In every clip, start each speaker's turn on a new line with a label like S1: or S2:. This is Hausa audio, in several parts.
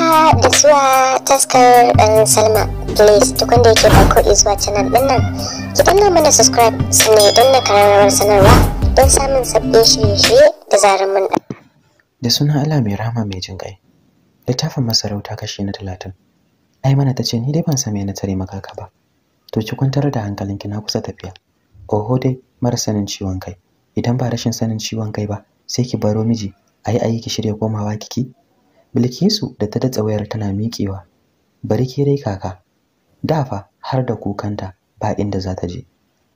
S1: haka da zuwa taskar ɗan salma please duk wanda yake farko izuwa canal ɗin nan ki danna mana subscribe sannan don na kararrawar sanarwa don samun sabbin shirye-shirye da zarar mun da da sunan allah mai rahama mai jin ƙai littafin masarauta kashi na talatin ai mana ta ce ni dai ban same na tare makaka ba to ki kwantar da hankalinki na kusa tafiya oho dai mara sanin ciwon kai idan ba rashin sanin ciwon kai ba sai ki baro miji ai ai ki shirya komawa kiki Bilkisu da ta datsa wayar tana miƙewa. Bari ke dai kaka. dafa har da kukanta ba inda za ta je.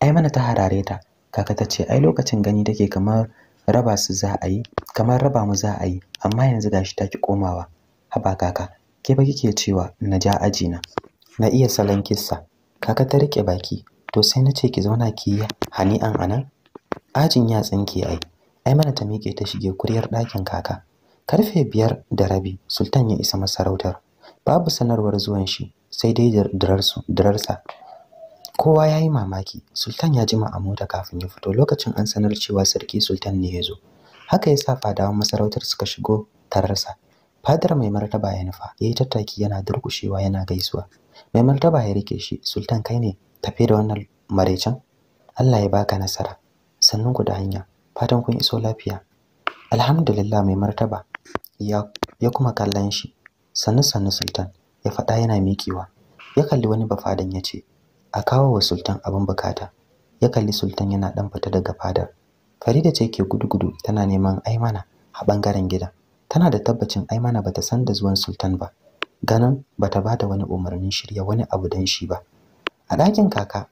S1: Ai mana ta harare ta. Kaka ta ce ai lokacin gani take kamar raba su za a yi, kamar raba mu za a yi, amma yanzu gashi ta ki komawa. Haba kaka, ke ba kike cewa na ja aji na. Na iya salon kissa. Kaka ta rike baki, to sai na ce ki zauna ki yi hani'an anan. Ajin ya tsinke ai. Ai mana ta miƙe ta shige kuryar ɗakin kaka. Karfe biyar da rabi Sultan ya isa masarautar. Babu sanarwar zuwan shi sai dai dirarsa. Kowa ya yi mamaki, Sultan ya jima a mota kafin ya fito lokacin an sanar cewa sarki Sultan ne ya zo. Haka ya sa fadawan masarautar suka shigo tararsa. Fadar mai martaba ya nufa, ya yi tattaki yana durkushewa yana gaisuwa. Mai martaba ya rike shi, Sultan kai ne tafe da wannan maraicen? Allah ya baka nasara. sannan ku da hanya, fatan kun iso lafiya. Alhamdulillah mai martaba, ya kuma kallon shi sanu sanu sultan ya faɗa yana mikewa ya kalli wani bafadan ya ce a kawo wa sultan abin bukata ya kalli sultan yana ɗan fita daga fadar farida ce ke gudu-gudu tana neman aimana a bangaren gida tana da tabbacin aimana bata san da zuwan sultan ba ganin bata da wani umarnin shirya wani abu don shi ba a ɗakin kaka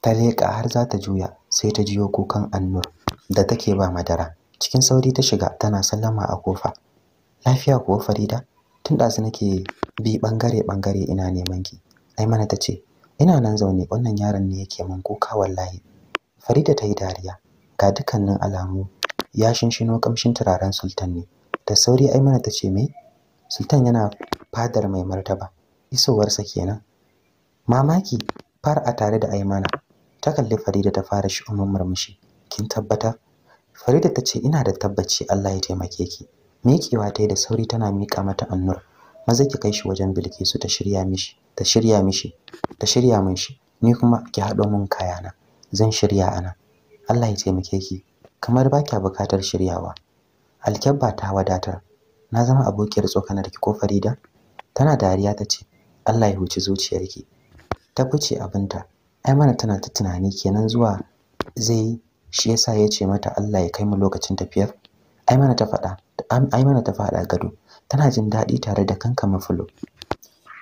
S1: ta leƙa har za ta juya sai ta jiyo kukan annur da take ba madara cikin sauri ta shiga tana sallama a kofa Lafiya kuwa Farida? Tun ɗazu nake bi bangare bangare ina neman ki. Aimana mana tace ina nan zaune wannan yaron ne yake min kuka wallahi. Farida ta yi dariya. Ga dukkanin alamu ya shinshino kamshin turaren Sultan ne. Da sauri ai mana tace me? Sultan yana fadar mai martaba. Isowarsa kenan. Mamaki far a tare da Aimana. Ta kalli Farida ta fara shi murmushi. Kin tabbata? Farida ta ce ina da tabbaci Allah ya taimake ki. miƙewa ta yi da sauri tana miƙa mata annur maza ki kai shi wajen bilkisu ta shirya mishi ta shirya mishi ta shirya min shi ni kuma ki haɗo min kayana zan shirya ana Allah ya taimake ki kamar ba kya buƙatar shiryawa alkyabba ta wadatar na zama abokiyar tsokanar ki ko farida tana dariya ta ce Allah ya huci zuciyarki ta fice abinta ai mana tana ta tunani kenan zuwa zai shi yasa ya ce mata Allah ya kai mu lokacin tafiyar ai mana ta faɗa Ai mana ta faɗa gado tana jin daɗi tare da kanka mafulo.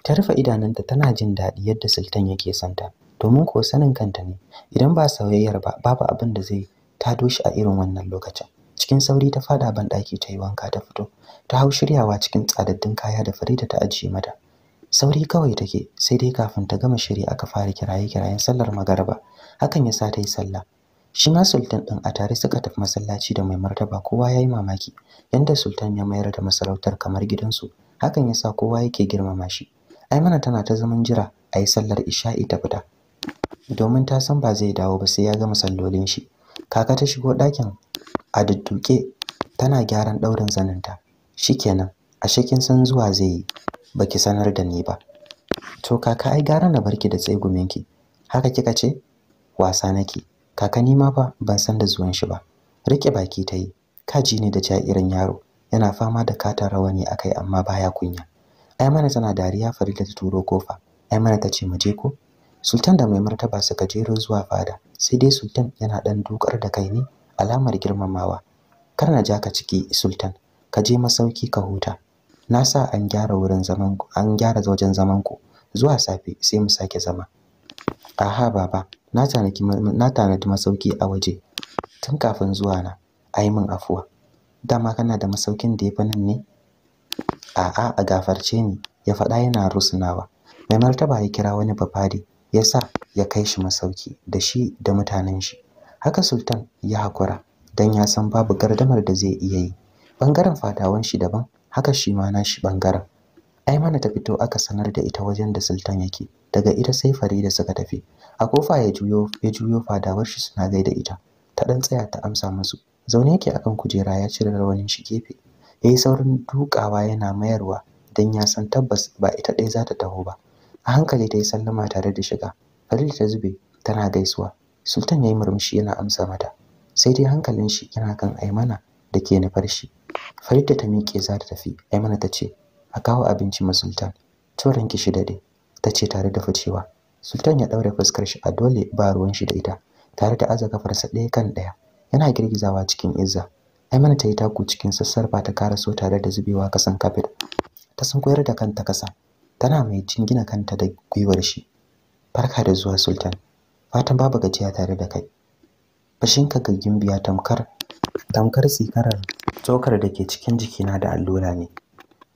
S1: ta rufe idanunta tana jin daɗi yadda sultan yake santa domin ko sanin kanta ne idan ba sauyayyar ba babu abin da zai tado shi a irin wannan lokacin cikin sauri ta faɗa ban daki ta yi wanka ta fito ta hau shiryawa cikin tsadaddun kaya da Farida ta ajiye mata sauri kawai take sai dai kafin ta gama shiri aka fara kiraye kirayen sallar magaraba, hakan ya sa ta yi sallah shi ma sultan din a tare suka tafi masallaci da mai martaba kowa yayi mamaki yanda sultan ya mayar da masarautar kamar gidansu hakan yasa kowa yake girmama shi aimana tana ta zaman jira a yi sallar isha'i ta fita domin ta san ba zai dawo ba sai ya ga masallolin shi kaka ta shigo ɗakin a dudduke tana gyaran ɗaurin zaninta shikenan ashe kin san zuwa zai yi baki sanar da ni ba to kaka ai gara na barki da ki haka kika ce wasa nake ni ma fa ban san da zuwan shi ba rike baki ta yi kaji ne da jairin yaro yana fama da kata ne akai amma baya kunya ai mana tana dariya farida ta turo kofa ai mana ta ce mu je ko sultan da mai martaba suka jero zuwa fada sai dai sultan yana dan dukar da kai ne alamar girmamawa kar na ja ka ciki sultan ka je masauki ka huta na sa an gyara wurin zaman an gyara wajen zaman ku zuwa safe sai mu sake zama aha baba na tanadi masauki a waje tun kafin zuwa na ai min afuwa dama kana da masaukin da ya fi nan ne a'a a gafarce ni ya faɗa yana rusunawa mai martaba ya kira wani bafari, ya sa ya kai shi masauki da shi da mutanen shi haka sultan ya hakura don ya san babu gardamar da zai iya yi Ɓangaren fadawan shi daban haka shi ma na shi bangaren ai mana ta fito aka sanar da ita wajen da sultan yake daga ita sai Farida suka tafi a kofa ya juyo ya juyo fadawar shi suna gaida ita ta dan tsaya ta amsa musu zaune yake akan kujera ya cire rawanin shi gefe yayi saurin dukawa yana mayarwa dan ya san tabbas ba ita ɗaya za ta taho ba a hankali ta yi sallama tare da shiga Farida ta zube tana gaisuwa Sultan yayi murmushi yana amsa mata sai dai hankalin shi yana kan Aimana da ke nufar shi Farida ta miƙe za ta tafi Aimana ta ce a kawo abinci ma Sultan to ranki shi dade ta ce tare da ficewa sultan ya daure fuskar shi a dole ba ruwan shi da ita tare da aza farsa ɗaya kan ɗaya yana girgizawa cikin izza aimana ta yi taku cikin sassarfa ta so tare da zubewa kasan kafet ta sunkuyar da kanta kasa tana mai jingina kanta da gwiwar shi farka da zuwa sultan fatan babu gajiya tare da kai fashinka ga gimbiya tamkar tamkar tsikarar tsokar da ke cikin jikina da allura ne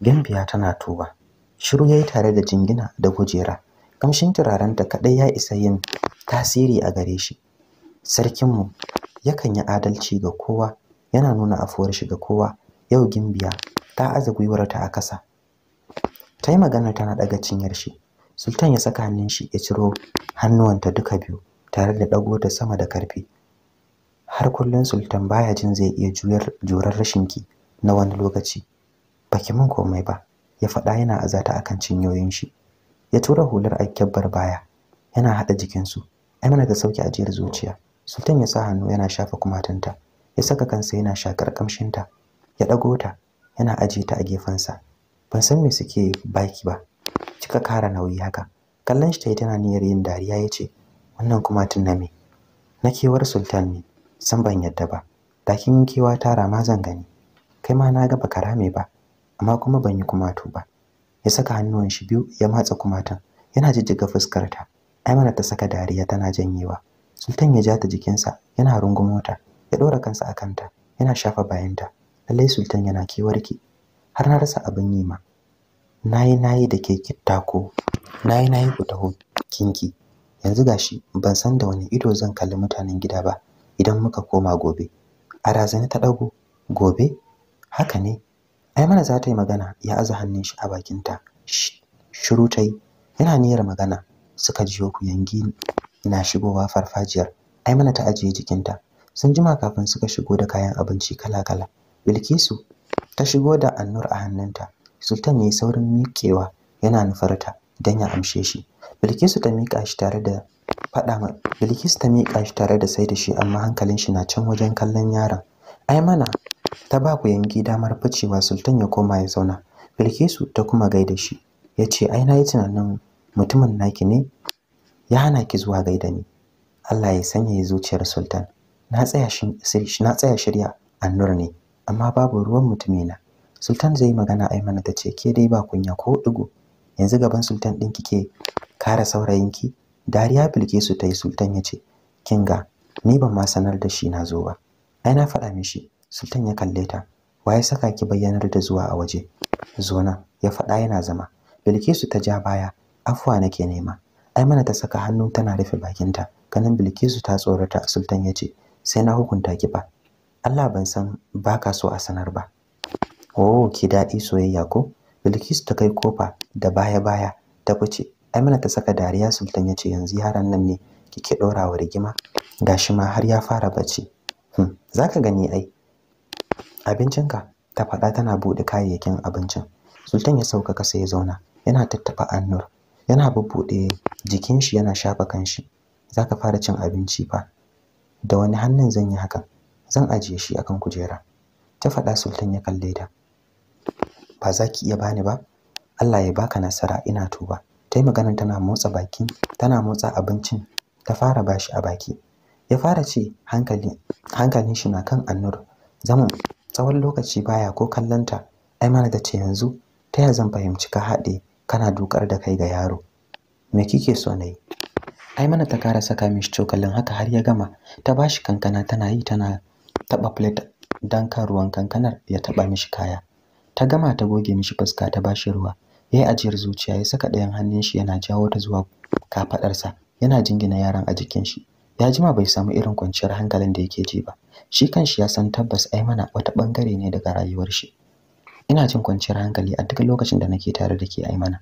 S1: gimbiya tana tuba shiru yayi tare da jingina da gujera. kamshin ta kaɗai ya isa yin tasiri a gare shi sarkin sarkinmu yakan yi adalci ga kowa yana nuna afuwar shi ga kowa yau gimbiya ta aza ta a kasa ta yi magana tana ɗaga cinyar shi sultan ya saka hannun shi ya ciro hannuwanta duka biyu tare da ɗago ta sama da karfi har kullum sultan baya jin zai iya juyar jurar rashinki na wani lokaci baki mun komai ba ya faɗa yana azata akan cinyoyin shi ya tura hular alkyabbar baya yana haɗa jikinsu amina ta sauke ajiyar zuciya sultan ya sa hannu yana shafa kumatanta. ya saka kansa yana shakar kamshinta ya dago ta yana ajiye ta a sa. ban san me suke baki ba kika kara nauyi haka kallon shi ta yi tana niyyar yin dariya yace wannan kumatun na me na kewar sultan ne san ban yadda ba dakin kewa tara ma zan gani kai ma na ga baka rame ba amma kuma ban yi kumatu ba ya saka hannuwan shi biyu ya matsa kumatan yana jijjiga fuskar ta Aimana ta saka dariya tana janyewa Sultan ya ja ta jikinsa yana rungumota ya dora kansa a kanta yana shafa bayanta lallai Sultan yana kewarki har na rasa abin yi ma nayi nayi da ke kittako nayi nayi ku taho kinki yanzu gashi ban san da wani ido zan kalli mutanen gida ba idan muka koma gobe a razani ta dago gobe haka ne ai mana za ta yi magana ya aza hannun shi a bakin ta, shiru ta yi yana niyyar magana suka jiyo ku yangi na shigowa farfajiyar ai ta ajiye jikinta sun jima kafin suka shigo da kayan abinci kala-kala bilkisu ta shigo da annur a hannunta sultan ya yi saurin miƙewa yana nufarta don ya amshe shi bilkisu ta miƙa shi tare da faɗa ma bilkisu ta miƙa shi tare da sai da shi amma hankalin shi na can wajen kallon yaron ai mana ta ba ku yanki damar ficewa sultan ya koma ya zauna bilkisu ta kuma gaida shi ya ce ai na yi tunanin mutumin naki ne ya hana ki zuwa gaida ni allah ya sanya zuciyar sultan na tsaya shirya annur ne amma babu ruwan na sultan zai magana ai mana ta ce ke dai ba kunya ko digo yanzu gaban sultan din kike kara ki? dariya bilkisu ta yi sultan ya ce kinga ni ban ma sanar da shi na zo ba ai na faɗa mishi Sultan ya kalle ta. Waye saka ki bayyanar da zuwa a waje? Zona ya faɗa yana zama. Bilkisu ta ja baya, afwa nake nema. Ai mana ta saka hannu tana rufe bakinta. Kanan Bilkisu ta tsorata Sultan ya ce, sai na hukunta ki ba. Allah ban san baka so a sanar ba. Oh, ki daɗi soyayya ko? Bilkisu ta kai kofa da baya-baya ta fice. Ai mana ta saka dariya Sultan ya ce yanzu yaran nan ne kike ɗora wa rigima. Gashi ma har ya fara bacci. Hmm, zaka gani ai. abincinka ta faɗa tana buɗe kayayyakin abincin sultan ya sauka kasa ya zauna yana tattafa annur yana bubbuɗe jikin shi yana shafa kanshi zaka fara cin abinci fa da wani hannun zan yi hakan zan ajiye shi akan kujera ta faɗa sultan ya kalle ta ba za ki iya bani ba Allah ya baka nasara ina tuba ta yi maganar tana motsa baki tana motsa abincin ta fara bashi a baki ya fara ce hankalin shi na kan annur zaman tsawon lokaci baya ko kallanta ai mana ta ce yanzu ta ya zan fahimci ka haɗe kana dukar da kai ga yaro me kike so na yi ai mana ta kara saka mishi cokalin haka har ya gama ta bashi kankana tana yi tana taɓa plate dan kan ruwan kankanar ya taɓa mishi kaya ta gama ta goge mishi fuska ta bashi ruwa yayi ajiyar zuciya ya saka ɗayan hannun shi yana jawo ta zuwa kafaɗarsa yana jingina yaran a jikin shi ya jima bai samu irin kwanciyar hankalin da yake ji ba shi kanshi ya san tabbas ai mana wata bangare ne daga rayuwar shi ina jin kwanciyar hankali a duk lokacin da nake tare da ke aimana. mana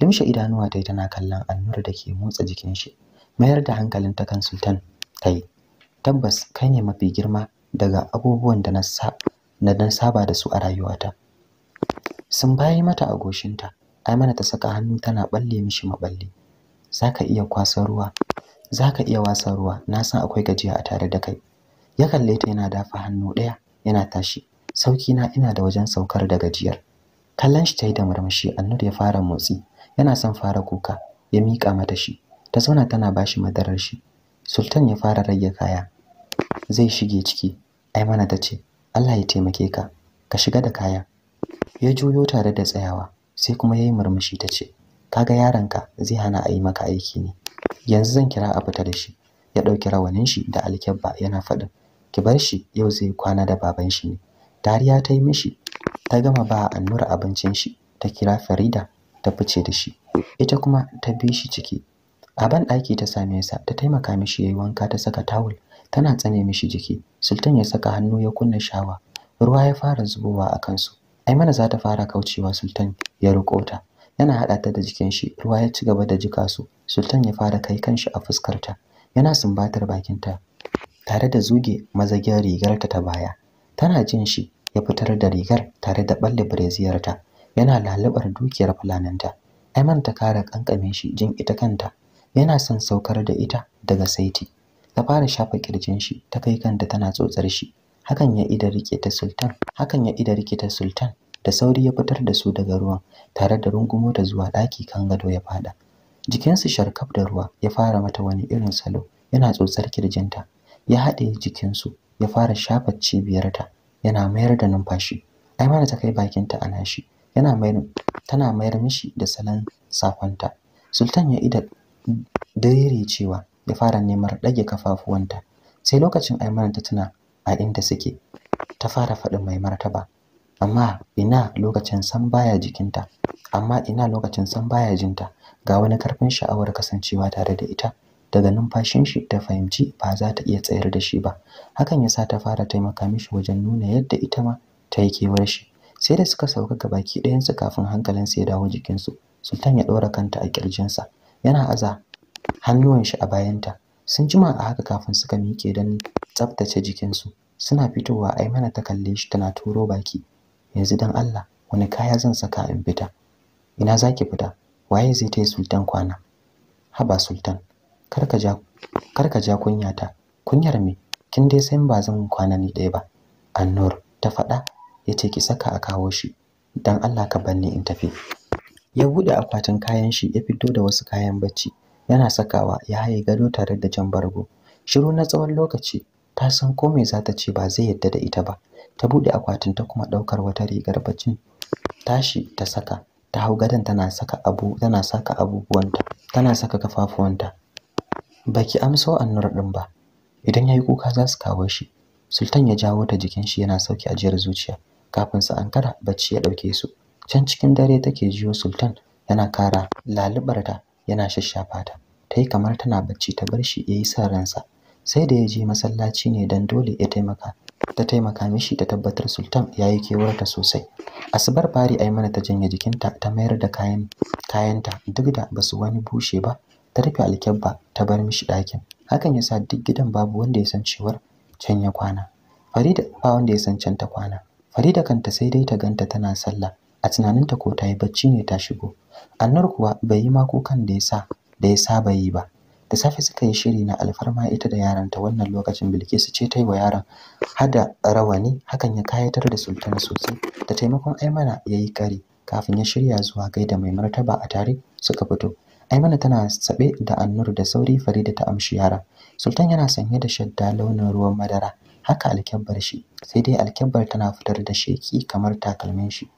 S1: limshe idanuwa tai tana kallon annur da ke motsa jikin shi mayar da hankalin ta kan sultan tai tabbas kai ne mafi girma daga abubuwan da na sa na dan saba da su a rayuwata sun bayi mata a goshinta ai ta saka hannu tana balle mishi maballe zaka iya kwasa ruwa zaka iya wasan ruwa na san akwai gajiya a tare da kai ya kalle ta yana dafa hannu ɗaya yana tashi sauki na ina da wajen saukar da gajiyar kallon shi ta yi da murmushi annur ya fara motsi yana son fara kuka ya miƙa mata shi ta zauna tana bashi madarar shi sultan ya fara rage kaya zai shige ciki ai mana ta ce Allah ya taimake ka ka shiga da kaya ya juyo tare da tsayawa sai kuma ya yi murmushi ta ce Ka kaga yaronka zai hana a yi maka aiki ne yanzu zan kira a fita da shi ya ɗauki rawanin shi da alkyabba yana faɗin ki bar shi yau zai kwana da baban shi ne dariya ta yi mishi ta gama ba annura abincin shi ta kira farida ta fice da shi ita kuma ta bi shi ciki a ban ɗaki ta same sa ta taimaka mishi yayi wanka ta saka tawul tana tsane mishi jiki sultan ya saka hannu ya kunna shawa ruwa ya fara zubowa a kansu aimana za ta fara kaucewa sultan ya riko ta yana haɗa ta da jikin shi ruwa ya ci gaba da jika su sultan ya fara kai kanshi a fuskarta yana sumbatar bakinta tare da zuge mazagin rigarta ta baya tana jin shi ya fitar da rigar tare da balle bareziyarta, yana lalubar dukiyar fulaninta Aiman ta kara kankame shi jin ita kanta yana son saukar da ita daga saiti ta fara shafa kirjin shi ta kai kanta tana tsotsar shi hakan ya ida rike ta sultan hakan ya ida rike ta sultan da sauri ya fitar da su daga ruwan tare da rungumo ta zuwa daki kan gado ya fada jikinsu sharkaf da ruwa ya fara mata wani irin salo yana tsotsar kirjinta ya haɗe jikinsu ya fara shafa cibiyarta yana mayar da numfashi aimana ta kai bakinta a nashi yana mayar tana mayar mishi da salon safanta. sultan ya ida dare cewa ya fara neman ɗage kafafuwanta sai lokacin aimana ta tuna a inda suke ta fara faɗin mai martaba amma ina lokacin san baya jikinta amma ina lokacin san baya jinta ga wani karfin sha'awar kasancewa tare da ita daga numfashin shi ta fahimci ba za ta iya tsayar da shi ba hakan ya sa ta fara taimaka mishi wajen nuna yadda ita ma ta yi kewar shi sai da suka sauka ga baki ɗayansu kafin hankalin su ya dawo jikin su sultan ya ɗora kanta a ƙirjinsa yana aza hannuwan shi a bayanta sun jima a haka kafin suka miƙe don tsaftace jikin su suna fitowa ai mana ta kalle shi tana turo baki yanzu dan Allah wani kaya zan saka in fita ina zaki fita waye zai taya sultan kwana haba sultan kar ka ja ta, kunyar me kin dai san ba zan kwana ni ɗaya ba annur ta faɗa ya ce ki saka a kawo shi dan allah ka banni in tafi ya buɗe akwatin kayan shi ya fito da wasu kayan bacci yana sakawa ya haye gado tare da jan bargo shiru na tsawon lokaci ta san ko me za ta ce ba zai yadda da ita ba ta buɗe akwatin ta kuma ɗaukar wata rigar baccin tashi ta saka ta hau gadon tana saka abu tana saka abubuwanta tana saka kafafuwanta baki amsa annur din ba idan yayi kuka za su kawo shi sultan ya jawo ta jikin shi yana sauki ajiyar zuciya kafin su ankara bacci ya dauke su can cikin dare take jiyo sultan yana kara lalubar ta yana shashafa ta tai kamar tana bacci ta bar shi yayi sa ransa sai da ya je masallaci ne dan dole ya taimaka ta taimaka mishi ta tabbatar sultan yayi kewarta sosai asubar fari ai mana ta janye jikinta ta mayar da kayan kayanta duk da basu wani bushe ba ta rufe alkyabba ta bar mishi ɗakin hakan ya sa duk gidan babu wanda ya san cewar can ya kwana farida ba wanda ya san can ta kwana farida kanta sai dai ta ganta tana sallah a tunaninta ko ta yi bacci ne ta shigo annar kuwa bai yi ma kukan da ya sa da ya saba yi ba da safe suka yi shiri na alfarma ita da yaranta wannan lokacin bilkisu ce ta yi wa yaron hada rawani hakan ya kayatar da sultana sosai da taimakon aimana ya yi kari kafin ya shirya zuwa gaida mai martaba a tare suka fito Aimana tana tsabe da Annur da sauri Farida ta amshi yara. Sultan yana sanye da shadda launin ruwan madara, haka alkyabbar shi, sai dai alkyabbar tana fitar da sheki kamar takalmin shi.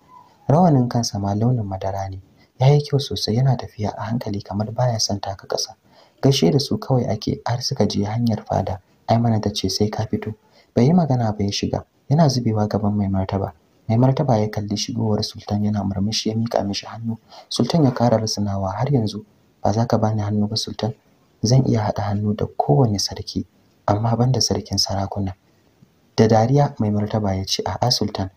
S1: Rawanin kansa ma launin madara ne. Ya yi kyau sosai yana tafiya a hankali kamar baya son taka ƙasa. Gaishe da su kawai ake har suka je hanyar fada. Aimana ta ce sai ka fito. Bai yi magana ba ya shiga. Yana zubewa gaban mai martaba. mai martaba ya kalli shigowar sultan yana murmushi ya mika mishi hannu sultan ya ƙara rasunawa har yanzu ba za ka bani hannu ba sultan zan iya haɗa hannu da kowane sarki amma banda sarkin sarakuna da dariya mai martaba ya ce a'a sultan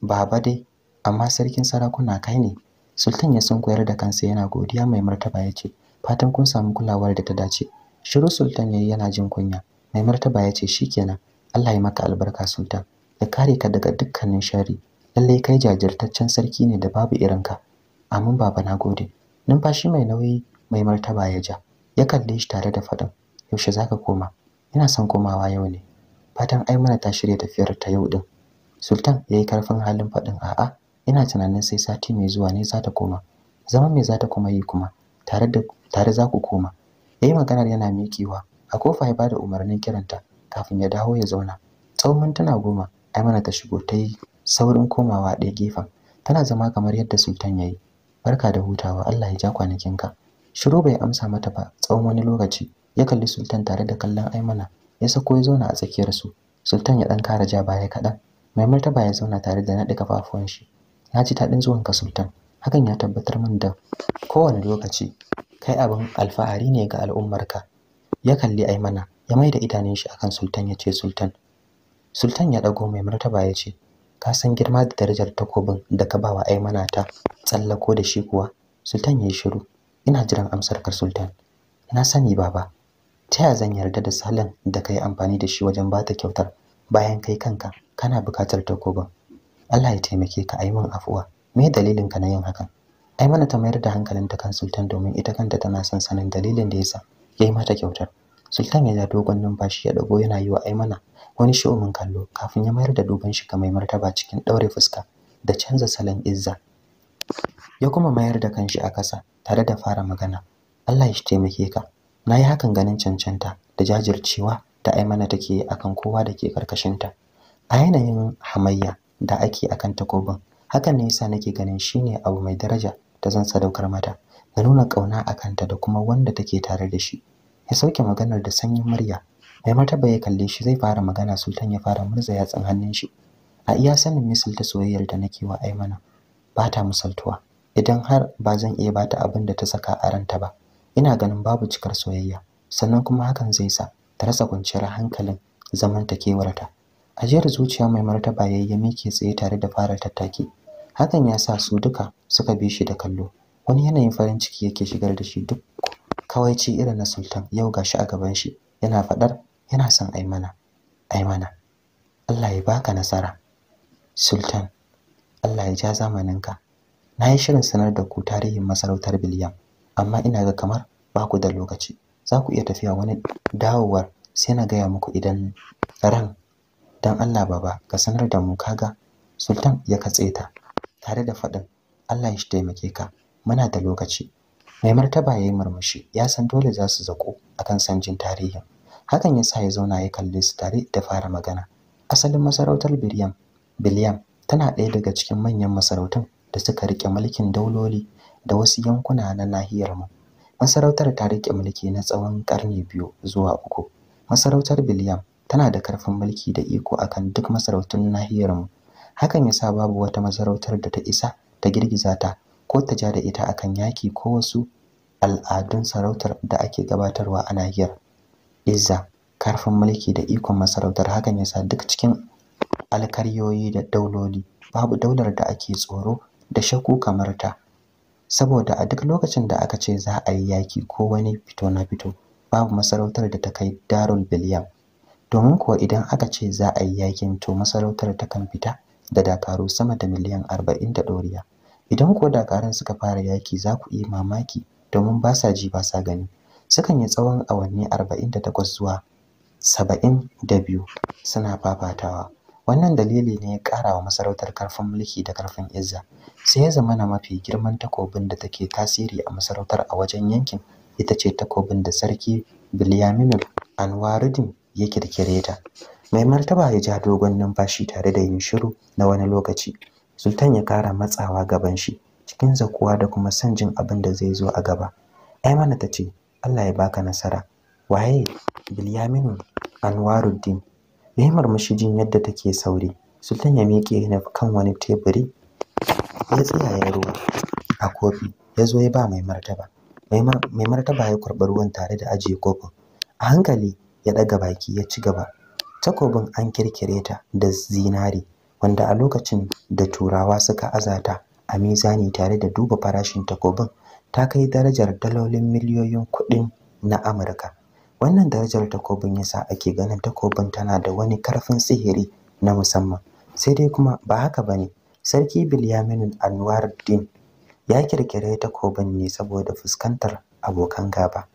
S1: baba dai amma sarkin sarakuna kai ne sultan ya sunkuyar da kansa yana godiya mai martaba ya ce fatan kun samu kulawar da ta dace shiru sultan yayi yana jin kunya mai martaba ya ce shikenan Allah ya maka albarka sultan ya kare ka daga dukkanin shari lallai kai jajirtaccen sarki ne da babu irinka amin baba na gode numfashi mai nauyi mai martaba ya ja ya kalle shi tare da faɗin yaushe zaka koma ina son komawa yau ne fatan ai mana ta shirya tafiyar ta yau din sultan ya yi karfin halin faɗin a'a ina tunanin sai sati mai zuwa ne za ta koma zama mai za ta koma yi kuma tare tare za ku koma yayi maganar yana mikiwa. a kofa ya bada umarnin kiranta kafin ya dawo ya zauna tsawon mintuna goma mana ta shigo ta yi saurin komawa ɗaya gefen tana zama kamar yadda sultan ya yi barka da hutawa Allah ya ja kwanakin ka. shiru bai amsa mata ba tsawon wani lokaci ya kalli sultan tare da kallon aimana ya sako ya zauna a tsakiyar su sultan ya dan kara ja baya kaɗan mai martaba ya zauna tare da naɗe kafafuwan shi na ji daɗin zuwan ka sultan hakan ya tabbatar min da kowane lokaci kai abin alfahari ne ga al'ummarka ya kalli aimana ya maida idanun shi akan sultan ya ce sultan sultan ya ɗago mai martaba ya ce ka san girma da darajar takobin da ka bawa aimana ta tsallako da shi kuwa sultan yayi shiru ina jiran amsar ka sultan na sani baba ta ya zan yarda da salon da kai amfani da shi wajen bata kyautar bayan kai kanka kana bukatar takobin Allah ya taimake ka ayi min afuwa me dalilin ka na yin hakan Aimana ta mayar da hankalinta kan sultan domin ita kanta tana son sanin dalilin da yasa yayi mata kyautar sultan ya ja dogon numfashi ya dago yana yi wa aimana wani sha'umin kallo kafin ya mayar da duban shi ga mai martaba cikin ɗaure fuska da canza salon izza ya kuma mayar da kanshi a kasa tare da fara magana Allah ya shi taimake ka na yi hakan ganin cancanta da jajircewa da aimana take yi akan kowa da ke karkashinta a yanayin hamayya da ake akan takobin hakan ne yasa nake ganin shine abu mai daraja da zan sadaukar mata da nuna kauna akanta da kuma wanda take tare da shi ya sauke maganar da sanyin murya mai martaba ya kalle shi zai fara magana sultan ya fara murza yatsan hannun shi a iya sanin misal ta soyayyar da nake wa aimana ba ta misaltuwa idan har ba zan iya ba ta abin da ta saka a ranta ba ina ganin babu cikar soyayya sannan kuma hakan zai sa ta rasa kwanciyar hankalin zaman ta kewarta ajiyar zuciya mai martaba yayi ya mike tsaye tare da fara tattaki hakan ya sa su duka suka bi shi da kallo wani yanayin farin ciki yake shigar da shi duk kawai ce irin na sultan yau gashi a gaban shi yana faɗar? yana son ai mana Allah ya baka nasara Sultan Allah ya ja zamaninka na yi shirin sanar da ku tarihin masarautar Biliyam amma ina ga kamar ba ku da lokaci za ku iya tafiya wani dawowar sai na gaya muku idan ran dan Allah baba ka sanar da mu kaga Sultan ya katse ta tare da faɗin Allah ya shi taimake ka muna da lokaci mai martaba yi murmushi ya san dole za su zako akan sanjin tarihin hakan ya sa ya zauna ya kalli su tare da fara magana asalin masarautar biliyam biliyam tana ɗaya daga cikin manyan masarautun da suka rike mulkin dauloli da wasu yankuna na nahiyar mu masarautar ta rike mulki na tsawon ƙarni biyu zuwa uku masarautar biliyam tana da karfin mulki da iko akan duk masarautun nahiyar mu hakan ya sa babu wata masarautar da ta isa ta girgiza ta ko ta ja da ita akan yaki ko wasu al'adun sarautar da ake gabatarwa a nahiyar izza karfin mulki da ikon masarautar hakan yasa duk cikin alkaryoyi da dauloli babu daular da ake tsoro da shakku kamar ta saboda a duk lokacin da aka ce za a yi yaki ko wani fito na fito babu masarautar da ta kai darul biliyam domin kuwa idan aka ce za a yi yakin to masarautar ta kan fita da dakaru sama da miliyan arba'in da ɗoriya idan ko dakarun suka fara yaki za ku yi mamaki domin ba sa ji ba sa gani sukan yi tsawon awanni 48 zuwa saba'in da biyu. suna fafatawa wannan dalili ne ya ƙara wa masarautar karfin mulki da karfin izza sai ya zamana mafi girman takobin da take tasiri a masarautar a wajen yankin ita ce takobin da sarki Bilyaminul anwarudin ya kirkire ta mai martaba ya ja dogon numfashi tare da yin shiru na wani lokaci sultan ya kara matsawa gaban shi cikin zakuwa da kuma son jin abin da zai zo a gaba Aimana ta ce Allah ya baka nasara waye Bilyaminu Anwaruddin yayi murmushi jin yadda take sauri Sultan ya miƙe na kan wani teburi ya tsaya ya ruwa a kofi ya zo ya ba mai martaba mai martaba ya karɓa ruwan tare da ajiye kofin a hankali ya ɗaga baki ya ci gaba takobin an kirkire ta da zinari wanda a lokacin da turawa suka azata a mizani tare da duba farashin takobin ta kai darajar dalolin miliyoyin kuɗin na Amurka. Wannan darajar takobin yasa ake ganin takobin tana da wani karfin sihiri na musamman. Sai dai kuma ba haka ba ne, Sarki Bilyamin Anwaruddin ya kirkire takobin ne saboda fuskantar abokan gaba.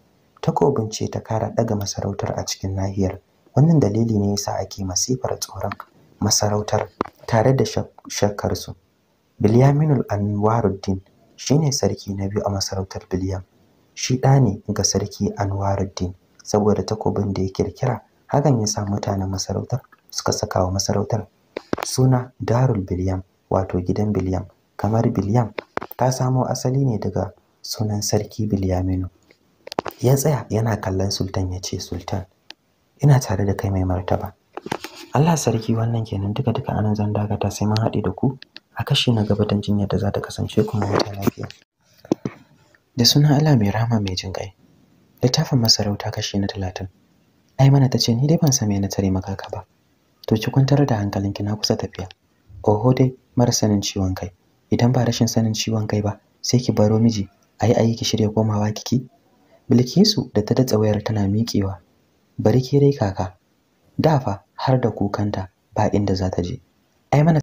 S1: Takobin ce ta kara ɗaga masarautar a cikin nahiyar. Wannan dalili ne yasa ake masifar tsoron masarautar tare da shakkarsu. Bilyaminul Anwaruddin shi ne sarki na biyu a masarautar Biliyam. Shi ɗa ne ga sarki Anwaruddin saboda takobin da ya kirkira hakan ya sa mutanen masarautar suka saka wa masarautar suna Darul Biliyam wato gidan Biliyam. Kamar Biliyam ta samo asali ne daga sunan sarki Biliyaminu. Ya tsaya yana kallon Sultan ya ce Sultan ina tare da kai mai martaba. Allah sarki wannan kenan duka duka anan zan dakata sai mun haɗe da ku a kashi na gaba don jinyar da za ta kasance kuma wata lafiya da sunan Allah mai rahama mai jin kai littafin masarauta kashi na talatin ai mana ta ce ni dai ban same na tare maka ka ba to ki kwantar da hankalinki na kusa tafiya oho dai mara sanin ciwon kai idan ba rashin sanin ciwon kai ba sai ki baro miji ayi ayi ki shirya komawa kiki bilkisu da ta datsa wayar tana miƙewa bari ki dai kaka dafa har da kukanta ba inda za ta je ai mana